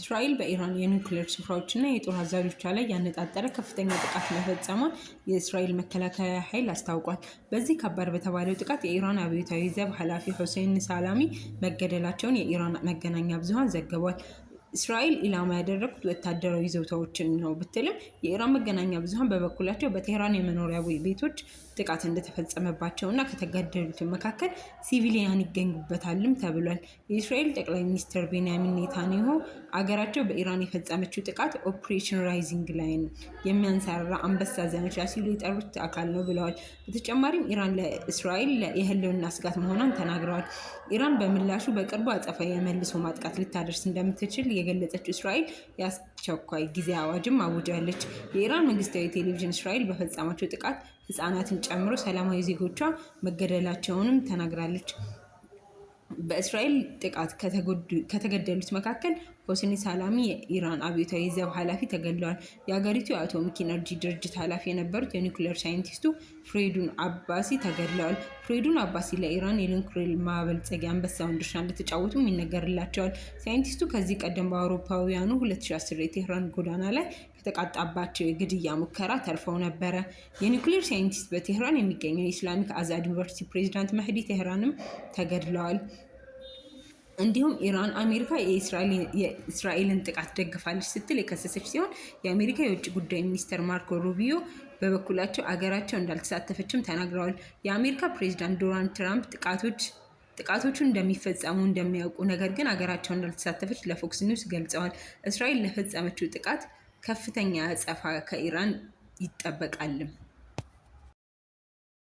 እስራኤል በኢራን የኒውክሌር ስፍራዎችና የጦር አዛዦቿ ላይ ያነጣጠረ ከፍተኛ ጥቃት መፈጸሟን የእስራኤል መከላከያ ኃይል አስታውቋል። በዚህ ከባድ በተባለው ጥቃት የኢራን አብዮታዊ ዘብ ኃላፊ ሁሴን ሳላሚ መገደላቸውን የኢራን መገናኛ ብዙሃን ዘግቧል። እስራኤል ኢላማ ያደረጉት ወታደራዊ ይዞታዎችን ነው ብትልም የኢራን መገናኛ ብዙሃን በበኩላቸው በቴህራን የመኖሪያ ቤቶች ጥቃት እንደተፈጸመባቸውና ከተገደሉት መካከል ሲቪሊያን ይገኙበታልም ተብሏል። የእስራኤል ጠቅላይ ሚኒስትር ቤንያሚን ኔታንያሁ አገራቸው በኢራን የፈጸመችው ጥቃት ኦፕሬሽን ራይዚንግ ላይን የሚያንሰራራ አንበሳ ዘመቻ ሲሉ የጠሩት አካል ነው ብለዋል። በተጨማሪም ኢራን ለእስራኤል የህልውና ስጋት መሆኗን ተናግረዋል። ኢራን በምላሹ በቅርቡ አጸፋ የመልሶ ማጥቃት ልታደርስ እንደምትችል የገለጸችው እስራኤል የአስቸኳይ ጊዜ አዋጅም አውጃለች። የኢራን መንግስታዊ ቴሌቪዥን እስራኤል በፈጸመችው ጥቃት ህጻናትን ጨምሮ ሰላማዊ ዜጎቿ መገደላቸውንም ተናግራለች። በእስራኤል ጥቃት ከተገደሉት መካከል ሆስኒ ሳላሚ የኢራን አብዮታዊ ዘብ ኃላፊ ተገድለዋል። የአገሪቱ የአቶሚክ ኢነርጂ ድርጅት ኃላፊ የነበሩት የኒውክሌር ሳይንቲስቱ ፍሬዱን አባሲ ተገድለዋል። ፍሬዱን አባሲ ለኢራን የኒውክሌር ማበልጸጊያ አንበሳውን ድርሻ እንደተጫወቱም ይነገርላቸዋል። ሳይንቲስቱ ከዚህ ቀደም በአውሮፓውያኑ 2010 የቴህራን ጎዳና ላይ ከተቃጣባቸው የግድያ ሙከራ ተርፈው ነበረ። የኒውክሌር ሳይንቲስት በቴህራን የሚገኘው የኢስላሚክ አዛድ ዩኒቨርሲቲ ፕሬዚዳንት መህዲ ቴህራንም ተገድለዋል። እንዲሁም ኢራን አሜሪካ የእስራኤልን ጥቃት ደግፋለች ስትል የከሰሰች ሲሆን የአሜሪካ የውጭ ጉዳይ ሚኒስትር ማርኮ ሩቢዮ በበኩላቸው አገራቸው እንዳልተሳተፈችም ተናግረዋል። የአሜሪካ ፕሬዚዳንት ዶናልድ ትራምፕ ጥቃቶች ጥቃቶቹን እንደሚፈጸሙ እንደሚያውቁ ነገር ግን አገራቸው እንዳልተሳተፈች ለፎክስ ኒውስ ገልጸዋል። እስራኤል ለፈጸመችው ጥቃት ከፍተኛ አጸፋ ከኢራን ይጠበቃልም።